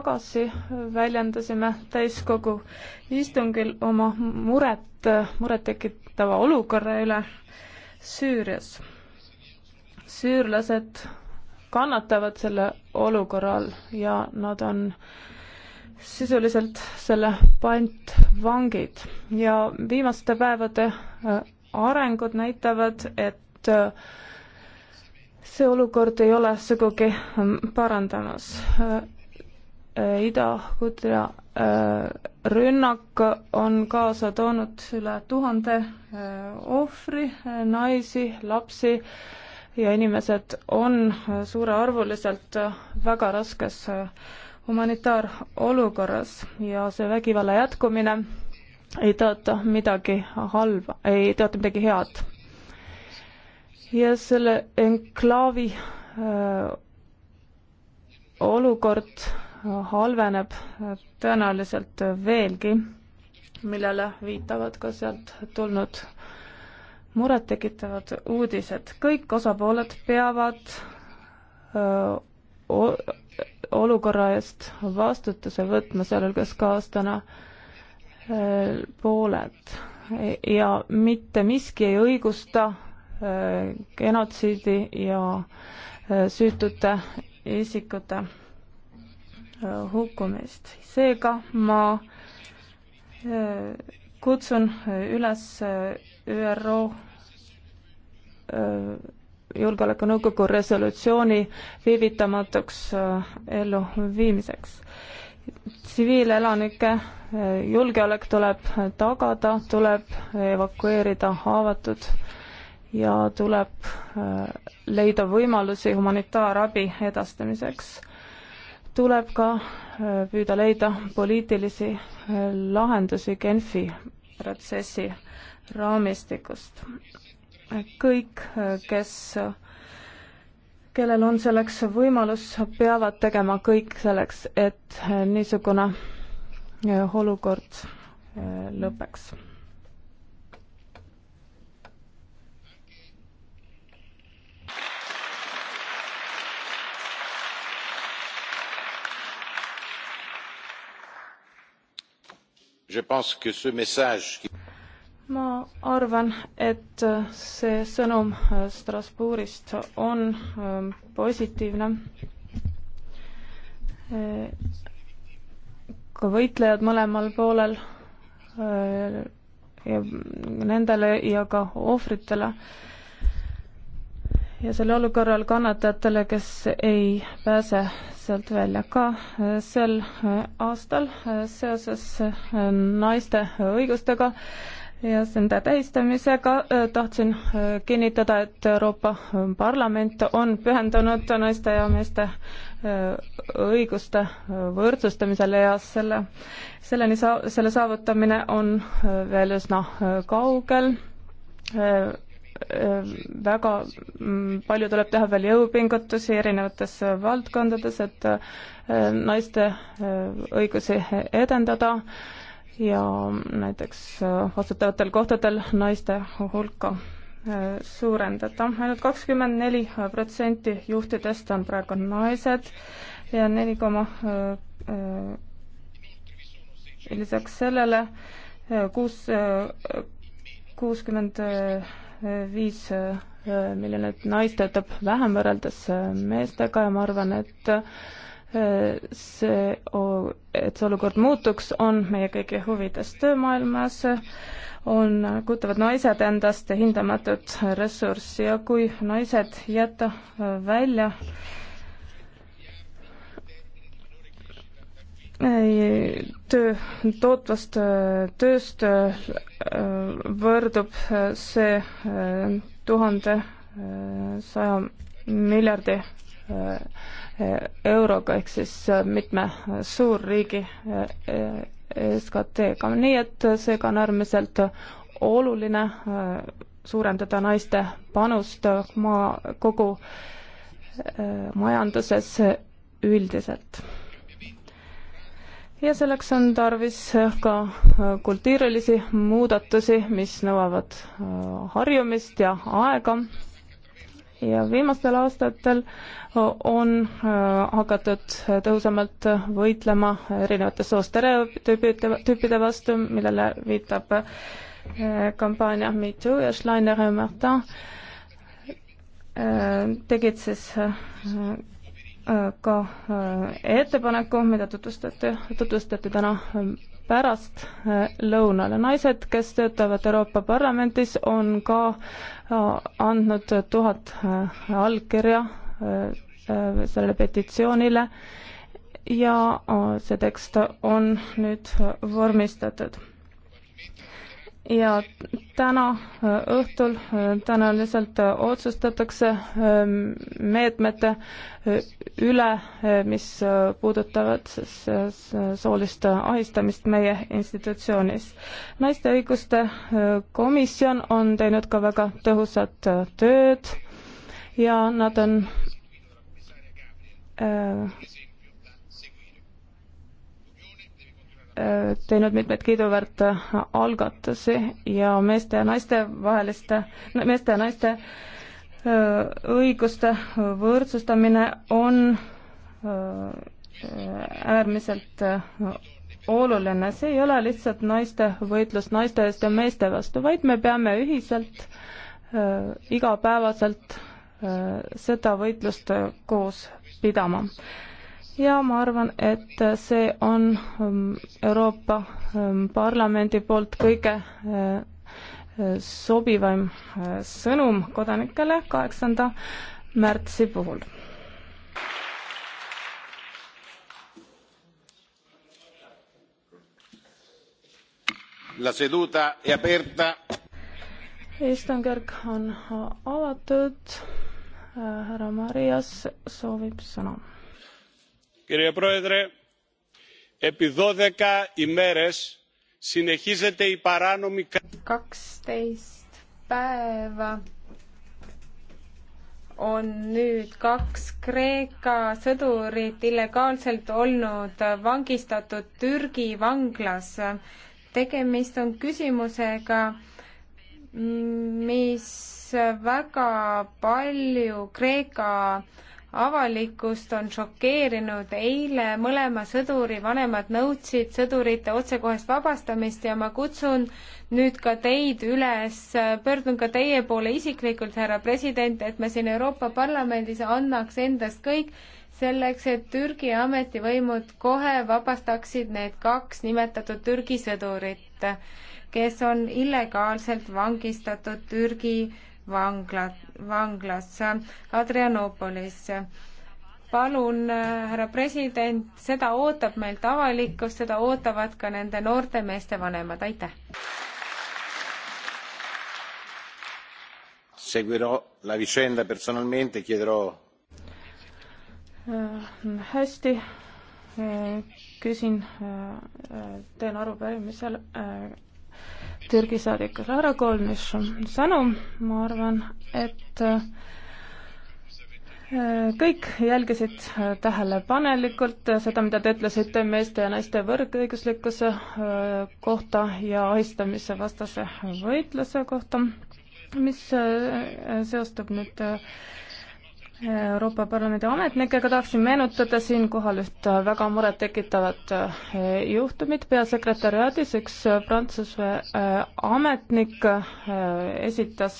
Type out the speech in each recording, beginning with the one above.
tagasi väljendasime täiskogu istungil oma muret, murettekitava olukorra üle Süürias. süürlased kannatavad selle olukorra all ja nad on sisuliselt selle pantvangid ja viimaste päevade äh, arengud näitavad, et äh, see olukord ei ole sugugi ähm, parandamas. Äh, Äh, Ida-Kudri äh, rünnak on kaasa toonud üle tuhande äh, ohvri, naisi, lapsi ja inimesed on suurearvuliselt väga raskes humanitaarolukorras ja see vägivalla jätkumine ei tõota midagi halba, ei tõota midagi head. ja selle enklaavi öö, olukord halveneb tõenäoliselt veelgi, millele viitavad ka sealt tulnud murettekitavad uudised. kõik osapooled peavad öö, olukorra eest vastutuse võtma, sealhulgas ka aastane pooled ja mitte miski ei õigusta genotsiidi ja süütute isikute Äh, hukkumist. seega ma äh, kutsun äh, üles ÜRO Julgeolekunõukogu resolutsiooni viivitamatuks elluviimiseks. tsiviilelanike julgeolek tuleb tagada, tuleb evakueerida haavatud ja tuleb leida võimalusi humanitaarabi edastamiseks tuleb ka äh, püüda leida poliitilisi äh, lahendusi Genfi protsessi raamistikust. kõik, äh, kes, kellel on selleks võimalus, peavad tegema kõik selleks, et niisugune olukord lõpeks ma arvan, et see sõnum äh, Strasbourgist on ähm, positiivne. Äh, ka võitlejad mõlemal poolel äh, ja nendele ja ka ohvritele äh, ja selle olukorral kannatajatele, kes ei pääse sealt välja ka äh, sel äh, aastal äh, seoses naiste õigustega ja nende tähistamisega tahtsin kinnitada, et Euroopa Parlament on pühendunud naiste ja meeste õiguste võrdsustamisele ja selle, selleni saa-, selle saavutamine on veel üsna kaugel väga mm, palju tuleb teha veel jõupingutusi erinevates valdkondades, et äh, naiste äh, õigusi edendada ja näiteks äh, vastutavatel kohtadel naiste hulka suurendada. ainult kakskümmend neli protsenti juhtidest on praegu naised ja neli koma lisaks sellele kuus, kuuskümmend viis miljonit naist töötab vähem võrreldes äh, meestega ja ma arvan, et äh, see, et see olukord muutuks, on meie kõigi huvides töömaailmas, on, kujutavad naised endast hindamatut ressurssi ja kui naised jätta äh, välja töö, tootvast äh, tööst äh, võrdub äh, see tuhande saja miljardi euroga ehk siis mitme suurriigi SKT-ga, nii et seega on äärmiselt oluline suurendada naiste panust maa, kogu majanduses üldiselt ja selleks on tarvis äh, ka äh, kultuurilisi muudatusi, mis nõuavad äh, harjumist ja aega. ja viimastel aastatel on hakatud tõhusamalt võitlema erinevate soostereotüübide, tüüpide vastu, millele viitab kampaania Me Too ja Schleiner ja Martin tegid siis ka äh, ettepaneku, mida tutvustati, tutvustati täna ähm, pärast äh, lõunale. naised, kes töötavad Euroopa Parlamendis, on ka äh, andnud tuhat allkirja sellele petitsioonile ja see tekst on nüüd vormistatud ja täna äh, õhtul, äh, tõenäoliselt äh, otsustatakse ähm, meetmete üle, mis puudutavad siis soolist ahistamist meie institutsioonis. naiste õiguste komisjon on teinud ka väga tõhusat tööd ja nad on teinud mitmeid kiiduväärt algatusi ja meeste ja naiste vaheliste, meeste ja naiste õiguste võrdsustamine on äärmiselt oluline, see ei ole lihtsalt naiste võitlus naiste eest ja meeste vastu, vaid me peame ühiselt äh, igapäevaselt äh, seda võitlust koos pidama ja ma arvan, et see on ähm, Euroopa ähm, Parlamendi poolt kõige äh, äh, sobivam äh, sõnum kodanikele kaheksanda märtsi puhul. La seduta è aperta. Istungjärk on avatud. härra Marias soovib sõna κύριε πρόεδρε επί δώδεκα ημέρες συνεχίζεται η παράνομη. kaksteist päeva on nüüd kaks Kreeka sõdurit illegaalselt olnud vangistatud Türgi vanglas. tegemist on küsimusega, mis väga palju Kreeka äh, avalikkust on šokeerinud. eile mõlema sõduri vanemad nõudsid sõdurite otsekohest vabastamist ja ma kutsun nüüd ka teid üles, pöördun ka teie poole isiklikult, härra president, et me siin Euroopa Parlamendis annaks endast kõik selleks, et Türgi ametivõimud kohe vabastaksid need kaks nimetatud Türgi sõdurit, kes on illegaalselt vangistatud Türgi vangla, vanglasse Adrianoopolisse. palun, äh, härra president, seda ootab meilt avalikkus, seda ootavad ka nende noorte meeste vanemad, aitäh! seguirò la vicenda personalmente e chiederò äh, hästi äh, küsin teen arupärimisel Türgi saadikule. härra Kolnis, sõnum, ma arvan, et äh, kõik jälgisid äh, tähelepanelikult seda, mida te ütlesite meeste ja naiste võrdõiguslikkuse äh, kohta ja ahistamise vastase võitluse kohta, mis seostub nüüd Euroopa Parlamendi ametnikega tahaksin meenutada siinkohal üht väga murettekitavat eh, juhtumit. peasekretäriaadis üks eh, Prantsuse eh, ametnik esitas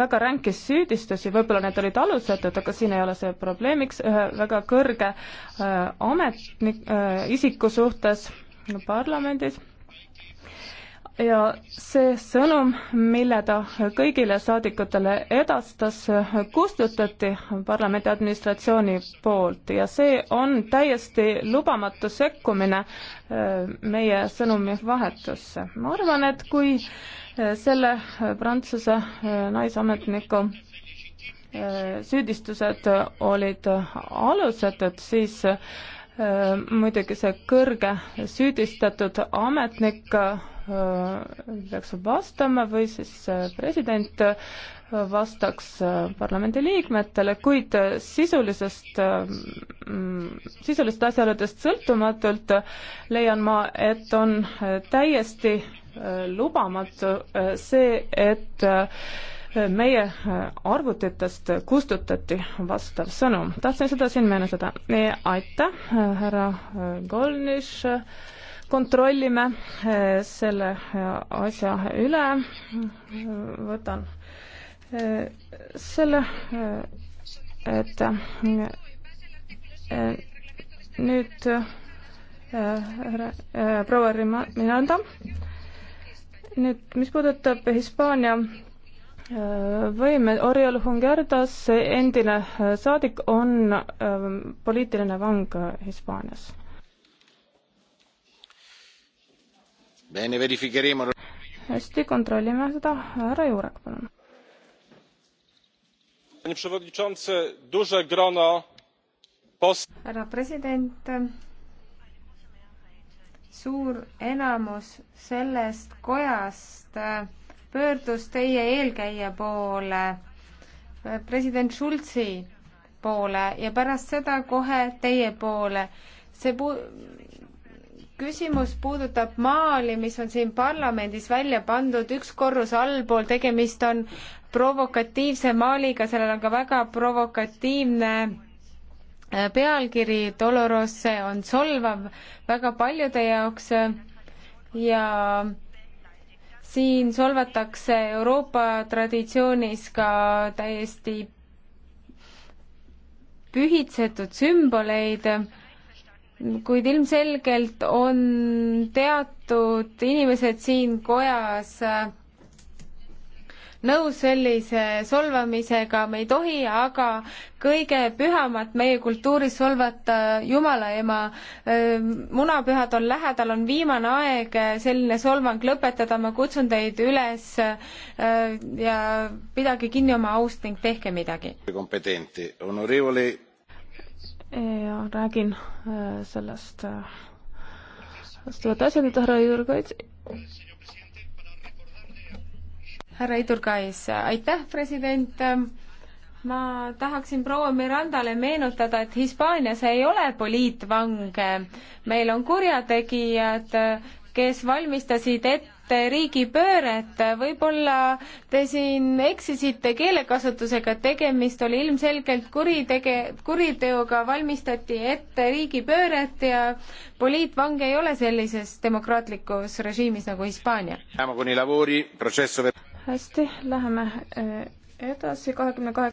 väga ränkis süüdistusi, võib-olla need olid alusetud, aga siin ei ole see probleemiks, ühe väga kõrge ametnik, isiku suhtes parlamendis ja see sõnum, mille ta kõigile saadikutele edastas, kustutati parlamendi administratsiooni poolt ja see on täiesti lubamatu sekkumine äh, meie sõnumi vahetusse. ma arvan, et kui äh, selle äh, Prantsuse naisametniku süüdistused olid alusetud, siis Äh, muidugi see kõrge süüdistatud ametnik äh, peaks vastama või siis äh, president vastaks parlamendiliikmetele, kuid sisulisest, mm, sisulistest asjaoludest sõltumatult leian ma, et on täiesti lubamatu see, et meie äh, arvutitest kustutati vastav sõnum. tahtsin seda siin meenutada. aitäh, äh, härra äh, Golniš kontrollime selle asja üle. võtan selle, et nüüd proua Rimonda. nüüd, mis puudutab Hispaania võime, Oriol Hungerdas, endine äh, saadik, on ähm, poliitiline vang äh, Hispaanias. hästi, kontrollime seda, härra Juurek, palun. härra president, suur enamus sellest kojast äh, pöördus teie eelkäija poole, president Schulzi poole ja pärast seda kohe teie poole. see pu-, küsimus puudutab maali, mis on siin parlamendis välja pandud, üks korrus allpool, tegemist on provokatiivse maaliga, sellel on ka väga provokatiivne äh, pealkiri, Dolorosse on solvav väga paljude jaoks äh, ja siin solvatakse Euroopa traditsioonis ka täiesti pühitsetud sümboleid, kuid ilmselgelt on teatud inimesed siin kojas äh, nõus sellise solvamisega, me ei tohi aga kõige pühamat meie kultuuris solvata äh, Jumala ema. Ähm, munapühad on lähedal, on viimane aeg äh, selline solvang lõpetada, ma kutsun teid üles äh, ja pidage kinni oma aust ning tehke midagi. Onorevole... ja räägin sellest, sellest asjadest, härra Jürgen härra Idurkais, aitäh, president. ma tahaksin proua Mirandale meenutada, et Hispaanias ei ole poliitvange. meil on kurjategijad, kes valmistasid ette riigipööret, võib-olla te siin eksisite keelekasutusega, tegemist oli ilmselgelt kuritege-, kuriteoga, valmistati ette riigipööret ja poliitvange ei ole sellises demokraatlikus režiimis nagu Hispaania hästi, läheme eh, edasi kahekümne kahe